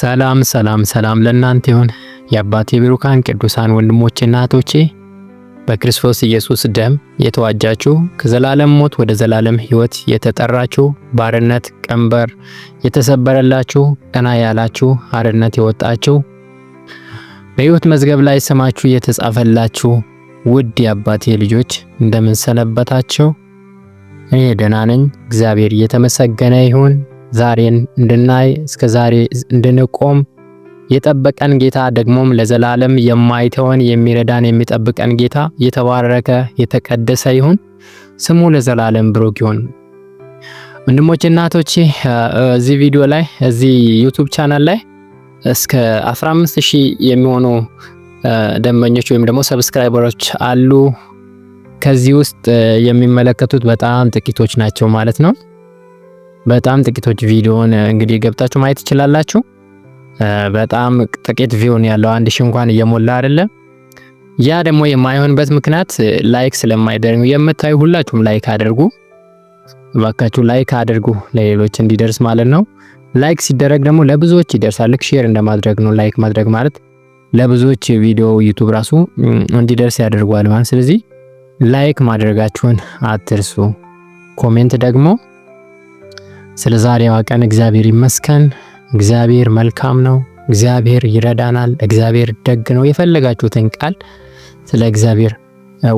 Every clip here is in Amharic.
ሰላም ሰላም ሰላም ለእናንተ ይሁን የአባቴ ብሩካን ቅዱሳን ወንድሞቼና እህቶቼ በክርስቶስ ኢየሱስ ደም የተዋጃችሁ ከዘላለም ሞት ወደ ዘላለም ሕይወት የተጠራችሁ ባርነት ቀንበር የተሰበረላችሁ ቀና ያላችሁ አርነት የወጣችሁ በሕይወት መዝገብ ላይ ስማችሁ የተጻፈላችሁ ውድ የአባቴ ልጆች እንደምን ሰነበታችሁ? እኔ ደህና ነኝ። እግዚአብሔር እየተመሰገነ ይሁን። ዛሬን እንድናይ እስከ ዛሬ እንድንቆም የጠበቀን ጌታ ደግሞም ለዘላለም የማይተወን የሚረዳን የሚጠብቀን ጌታ የተባረከ የተቀደሰ ይሁን። ስሙ ለዘላለም ብሩክ ይሁን። ወንድሞች እናቶች እዚህ ቪዲዮ ላይ እዚህ ዩቱብ ቻናል ላይ እስከ 15000 የሚሆኑ ደንበኞች ወይም ደግሞ ሰብስክራይበሮች አሉ። ከዚህ ውስጥ የሚመለከቱት በጣም ጥቂቶች ናቸው ማለት ነው። በጣም ጥቂቶች ቪዲዮን እንግዲህ ገብታችሁ ማየት ትችላላችሁ። በጣም ጥቂት ቪውን ያለው አንድ ሺህ እንኳን እየሞላ አይደለም። ያ ደግሞ የማይሆንበት ምክንያት ላይክ ስለማይደርጉ የምታዩ ሁላችሁም ላይክ አድርጉ፣ ባካችሁ ላይክ አድርጉ ለሌሎች እንዲደርስ ማለት ነው። ላይክ ሲደረግ ደግሞ ለብዙዎች ይደርሳል። ልክ ሼር እንደማድረግ ነው። ላይክ ማድረግ ማለት ለብዙዎች ቪዲዮ ዩቱብ ራሱ እንዲደርስ ያደርጓል ማለት ስለዚህ ላይክ ማድረጋችሁን አትርሱ። ኮሜንት ደግሞ ስለ ዛሬዋ ቀን እግዚአብሔር ይመስገን። እግዚአብሔር መልካም ነው። እግዚአብሔር ይረዳናል። እግዚአብሔር ደግ ነው። የፈለጋችሁትን ቃል ስለ እግዚአብሔር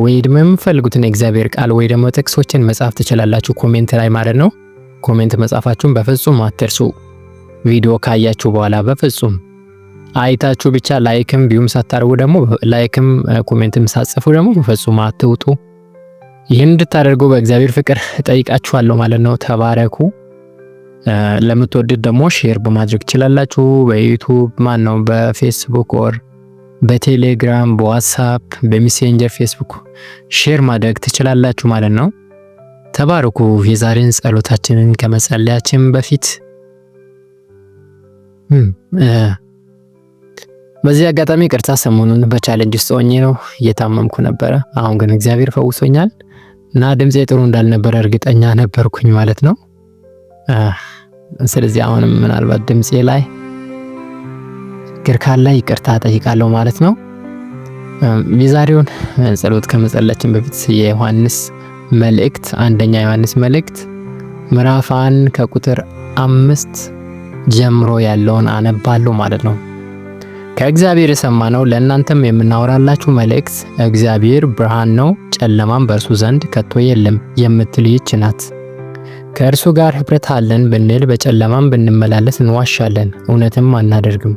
ወይ ደግሞ የምፈልጉትን የእግዚአብሔር ቃል ወይ ደግሞ ጥቅሶችን መጻፍ ትችላላችሁ፣ ኮሜንት ላይ ማለት ነው። ኮሜንት መጻፋችሁን በፍጹም አትርሱ። ቪዲዮ ካያችሁ በኋላ በፍጹም አይታችሁ ብቻ ላይክም ቢዩም ሳታርጉ ደግሞ ላይክም ኮሜንትም ሳጽፉ ደግሞ በፍጹም አትውጡ። ይህን እንድታደርጉ በእግዚአብሔር ፍቅር ጠይቃችኋለሁ ማለት ነው። ተባረኩ። ለምትወዱት ደግሞ ሼር በማድረግ ትችላላችሁ። በዩቱብ ማን ነው፣ በፌስቡክ ኦር በቴሌግራም በዋትሳፕ በሜሴንጀር ፌስቡክ ሼር ማድረግ ትችላላችሁ ማለት ነው። ተባረኩ። የዛሬን ጸሎታችንን ከመጸለያችን በፊት በዚህ አጋጣሚ ቅርታ ሰሞኑን በቻሌንጅ ውስጥ ሆኜ ነው እየታመምኩ ነበረ። አሁን ግን እግዚአብሔር ፈውሶኛል እና ድምፄ ጥሩ እንዳልነበረ እርግጠኛ ነበርኩኝ ማለት ነው። ስለዚህ አሁንም ምናልባት ድምፄ ላይ ችግር ካለ ይቅርታ ጠይቃለሁ ማለት ነው። የዛሬውን ጸሎት ከመጸለችን በፊት የዮሐንስ መልእክት አንደኛ ዮሐንስ መልእክት ምዕራፍ አንድ ከቁጥር አምስት ጀምሮ ያለውን አነባለሁ ማለት ነው። ከእግዚአብሔር የሰማ ነው ለእናንተም የምናወራላችሁ መልእክት እግዚአብሔር ብርሃን ነው፣ ጨለማም በእርሱ ዘንድ ከቶ የለም የምትል ናት። ከእርሱ ጋር ኅብረት አለን ብንል በጨለማም ብንመላለስ እንዋሻለን፣ እውነትም አናደርግም።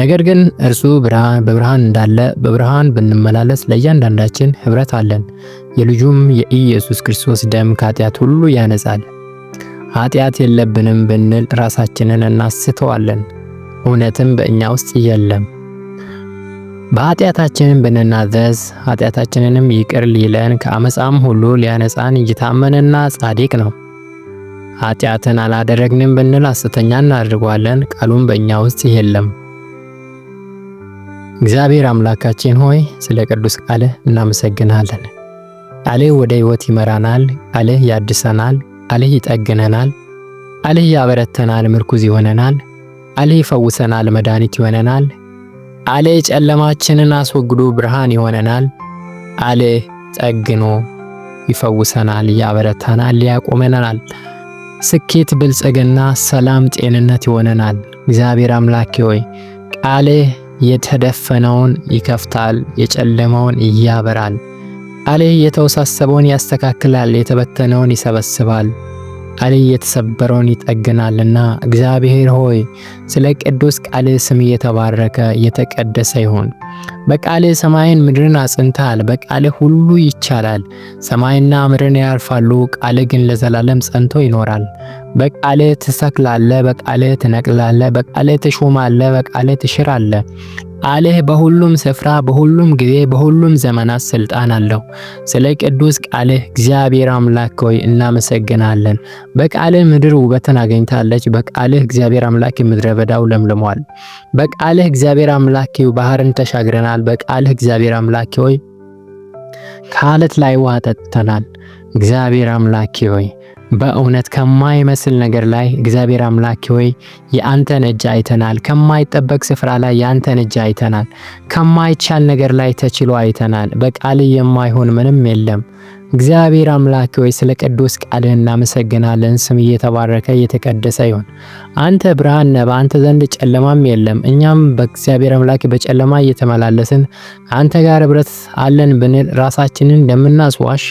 ነገር ግን እርሱ በብርሃን እንዳለ በብርሃን ብንመላለስ ለእያንዳንዳችን ኅብረት አለን፣ የልጁም የኢየሱስ ክርስቶስ ደም ከኃጢአት ሁሉ ያነጻል። ኃጢአት የለብንም ብንል ራሳችንን እናስተዋለን፣ እውነትም በእኛ ውስጥ የለም። በኃጢአታችንን ብንናዘዝ ኃጢአታችንንም ይቅር ሊለን ከአመፃም ሁሉ ሊያነጻን እየታመነና ጻድቅ ነው። ኃጢአትን አላደረግንም ብንል ሐሰተኛ እናድርጓለን፣ ቃሉም በእኛ ውስጥ የለም። እግዚአብሔር አምላካችን ሆይ ስለ ቅዱስ ቃልህ እናመሰግናለን። ቃልህ ወደ ሕይወት ይመራናል። ቃልህ ያድሰናል። ቃልህ ይጠግነናል። ቃልህ ያበረተናል፣ ምርኩዝ ይሆነናል። ቃልህ ይፈውሰናል፣ መድኃኒት ይሆነናል። አለ ጨለማችንን አስወግዶ ብርሃን ይሆነናል። አለ ጠግኖ ይፈውሰናል፣ ያበረታናል፣ ያቆመናል። ስኬት፣ ብልጽግና፣ ሰላም፣ ጤንነት ይሆነናል። እግዚአብሔር አምላኬ ሆይ ቃልህ የተደፈነውን ይከፍታል፣ የጨለመውን እያበራል። ቃልህ የተወሳሰበውን ያስተካክላል፣ የተበተነውን ይሰበስባል። ቃልህ የተሰበረውን ይጠግናልና። እግዚአብሔር ሆይ ስለ ቅዱስ ቃል ስም እየተባረከ እየተቀደሰ ይሁን። በቃል ሰማይን ምድርን አጽንተሃል። በቃል ሁሉ ይቻላል። ሰማይና ምድርን ያልፋሉ፣ ቃል ግን ለዘላለም ጸንቶ ይኖራል። በቃል ትሰክላለ፣ በቃል ትነቅላለ፣ በቃል ትሾማለ፣ በቃል ትሽራለ። አልህ በሁሉም ስፍራ በሁሉም ጊዜ በሁሉም ዘመናት ስልጣን አለው። ስለ ቅዱስ ቃልህ እግዚአብሔር አምላክ ሆይ እናመሰግናለን። በቃልህ ምድር ውበትን አገኝታለች በቃልህ እግዚአብሔር አምላክ ምድረ በዳው ለምልሟል። በቃልህ እግዚአብሔር አምላክ ባህርን ተሻግረናል። በቃልህ እግዚአብሔር አምላክ ሆይ ከአለት ላይ ውሃ ጠጥተናል። እግዚአብሔር አምላክ ሆይ በእውነት ከማይመስል ነገር ላይ እግዚአብሔር አምላኬ ሆይ የአንተን እጅ አይተናል። ከማይጠበቅ ስፍራ ላይ የአንተን እጅ አይተናል። ከማይቻል ነገር ላይ ተችሎ አይተናል። በቃል የማይሆን ምንም የለም። እግዚአብሔር አምላክ ሆይ ስለ ቅዱስ ቃልህ እናመሰግናለን። ስም እየተባረከ እየተቀደሰ ይሁን። አንተ ብርሃን ነህ፣ በአንተ ዘንድ ጨለማም የለም። እኛም በእግዚአብሔር አምላክ በጨለማ እየተመላለስን አንተ ጋር ኅብረት አለን ብንል ራሳችንን እንደምናስዋሽ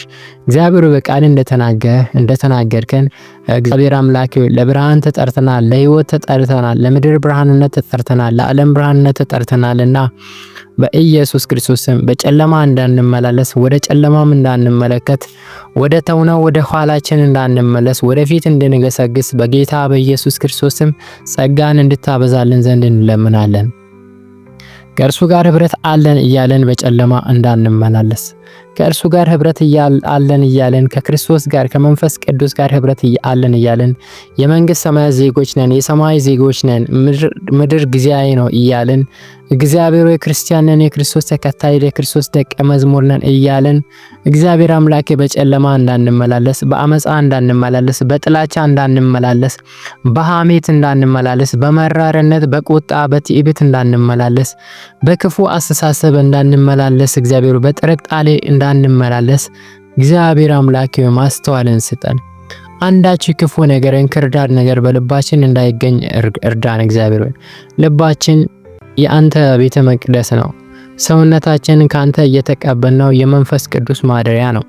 እግዚአብሔር በቃል እንደተናገረ እንደተናገርከን እግዚአብሔር አምላክ ለብርሃን ተጠርተናል፣ ለህይወት ተጠርተናል፣ ለምድር ብርሃንነት ተጠርተናል፣ ለዓለም ብርሃንነት ተጠርተናል እና በኢየሱስ ክርስቶስም በጨለማ እንዳንመላለስ ወደ ጨለማም እንዳንመለከት ወደ ተውነው ወደ ኋላችን እንዳንመለስ ወደፊት እንድንገሰግስ በጌታ በኢየሱስ ክርስቶስም ጸጋን እንድታበዛልን ዘንድ እንለምናለን። ከእርሱ ጋር ህብረት አለን እያለን በጨለማ እንዳንመላለስ ከእርሱ ጋር ህብረት አለን እያለን ከክርስቶስ ጋር ከመንፈስ ቅዱስ ጋር ህብረት አለን እያለን የመንግስት ሰማያት ዜጎች ነን፣ የሰማይ ዜጎች ነን፣ ምድር ጊዜያዊ ነው እያለን እግዚአብሔር ወይ ክርስቲያን ነን፣ የክርስቶስ ተከታይ የክርስቶስ ደቀ መዝሙር ነን እያለን እግዚአብሔር አምላኬ በጨለማ እንዳንመላለስ፣ በአመፃ እንዳንመላለስ፣ በጥላቻ እንዳንመላለስ፣ በሐሜት እንዳንመላለስ፣ በመራርነት፣ በቁጣ፣ በትዕቢት እንዳንመላለስ፣ በክፉ አስተሳሰብ እንዳንመላለስ እግዚአብሔር ጣሌ እንዳንመላለስ እግዚአብሔር አምላክ ማስተዋልን ስጠን። አንዳች ክፉ ነገር፣ እንክርዳድ ነገር በልባችን እንዳይገኝ እርዳን። እግዚአብሔር ልባችን የአንተ ቤተ መቅደስ ነው። ሰውነታችን ከአንተ እየተቀበልነው የመንፈስ ቅዱስ ማደሪያ ነው።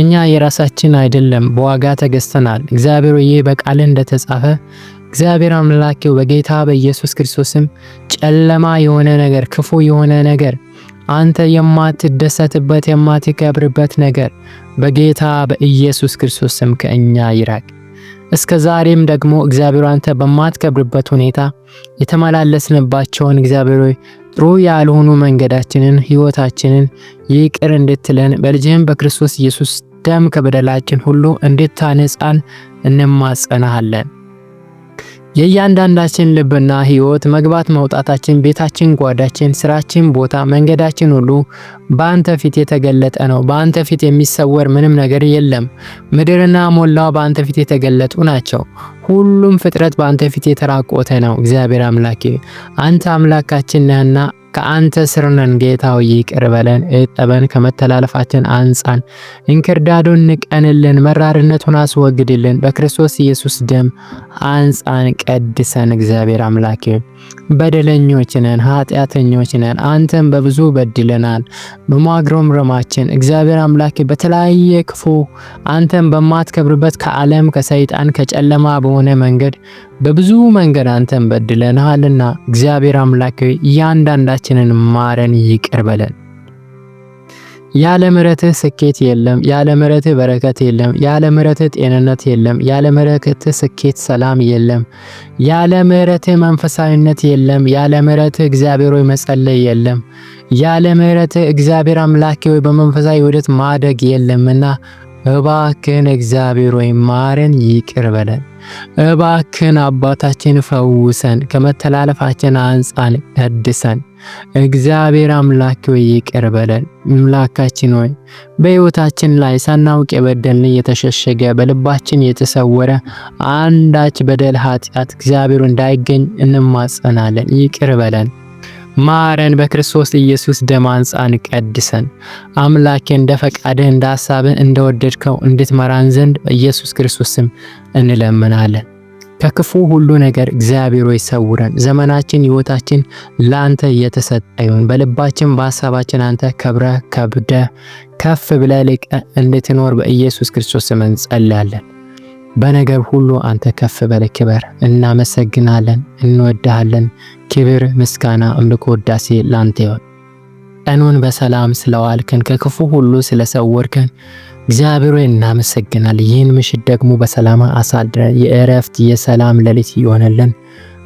እኛ የራሳችን አይደለም፣ በዋጋ ተገዝተናል። እግዚአብሔር ይህ በቃልህ እንደተጻፈ እግዚአብሔር አምላኬው በጌታ በኢየሱስ ክርስቶስም ጨለማ የሆነ ነገር ክፉ የሆነ ነገር አንተ የማትደሰትበት የማትከብርበት ነገር በጌታ በኢየሱስ ክርስቶስ ስም ከእኛ ይራቅ። እስከ ዛሬም ደግሞ እግዚአብሔር አንተ በማትከብርበት ሁኔታ የተመላለስንባቸውን እግዚአብሔር ጥሩ ያልሆኑ መንገዳችንን ሕይወታችንን ይቅር እንድትለን በልጅህም በክርስቶስ ኢየሱስ ደም ከበደላችን ሁሉ እንድታነጻን እንማጸናሃለን። የእያንዳንዳችን ልብና ህይወት መግባት መውጣታችን፣ ቤታችን፣ ጓዳችን፣ ስራችን፣ ቦታ፣ መንገዳችን ሁሉ በአንተ ፊት የተገለጠ ነው። በአንተ ፊት የሚሰወር ምንም ነገር የለም። ምድርና ሞላዋ በአንተ ፊት የተገለጡ ናቸው። ሁሉም ፍጥረት በአንተ ፊት የተራቆተ ነው። እግዚአብሔር አምላኬ አንተ አምላካችን ነህና ከአንተ ስርነን ነን ጌታ ሆይ ይቅር በለን፣ እጠበን፣ ከመተላለፋችን አንጻን፣ እንክርዳዱን ንቀንልን፣ መራርነቱን አስወግድልን። በክርስቶስ ኢየሱስ ደም አንጻን፣ ቀድሰን። እግዚአብሔር አምላኪ በደለኞች ነን፣ ኃጢአተኞች ነን። አንተን በብዙ በድለናል፣ ረማችን እግዚአብሔር አምላኬ በተለያየ ክፉ አንተን በማትከብርበት ከዓለም ከሰይጣን ከጨለማ በሆነ መንገድ በብዙ መንገድ አንተን በድለናልና እግዚአብሔር አምላኬ እያንዳንዳችን ኃጢአታችንን ማረን፣ ይቅር በለን። ያለ ምሕረትህ ስኬት የለም። ያለ ምሕረትህ በረከት የለም። ያለ ምሕረትህ ጤንነት የለም። ያለ ምሕረትህ ስኬት፣ ሰላም የለም። ያለ ምሕረትህ መንፈሳዊነት የለም። ያለ ምሕረትህ እግዚአብሔር ሆይ መጸለይ የለም። ያለ ምሕረትህ እግዚአብሔር አምላኬ ሆይ በመንፈሳዊ ውደት ማደግ የለምና እባክን እግዚአብሔር ወይ ማረን፣ ይቅር በለን። እባክን አባታችን ፈውሰን፣ ከመተላለፋችን አንጻን ቀድሰን። እግዚአብሔር አምላክ ወይ ይቅር በለን። አምላካችን ወይ በሕይወታችን ላይ ሳናውቅ የበደልን የተሸሸገ በልባችን የተሰወረ አንዳች በደል ኃጢአት እግዚአብሔር እንዳይገኝ እንማጸናለን። ይቅር በለን። ማረን፣ በክርስቶስ ኢየሱስ ደም አንጻን ቀድሰን አምላኬ፣ እንደ ፈቃድህ እንደ ሐሳብህ እንደወደድከው እንድትመራን ዘንድ በኢየሱስ ክርስቶስም እንለምናለን። ከክፉ ሁሉ ነገር እግዚአብሔር ሆይ ሰውረን። ዘመናችን ህይወታችን ላንተ የተሰጠ ይሁን። በልባችን በሐሳባችን አንተ ከብረህ ከብደ ከፍ ብለህ እንድትኖር በኢየሱስ ክርስቶስ ስም እንጸልያለን። በነገር ሁሉ አንተ ከፍ በል ክበር። እናመሰግናለን፣ እንወድሃለን። ክብር፣ ምስጋና፣ አምልኮ፣ ውዳሴ ላንተ ይሁን። ቀኑን በሰላም ስለዋልከን ከክፉ ሁሉ ስለሰወርከን እግዚአብሔር እናመሰግናል። ይህን ምሽት ደግሞ በሰላም አሳድረን የእረፍት የሰላም ሌሊት ይሆንልን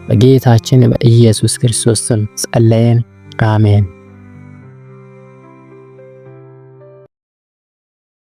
በጌታችን በኢየሱስ ክርስቶስ ስም ጸለየን። አሜን።